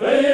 biri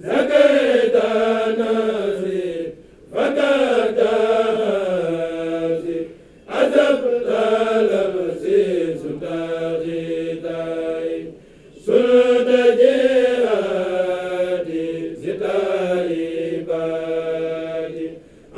Zakar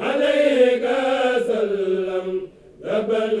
عليك سلم ذبل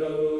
la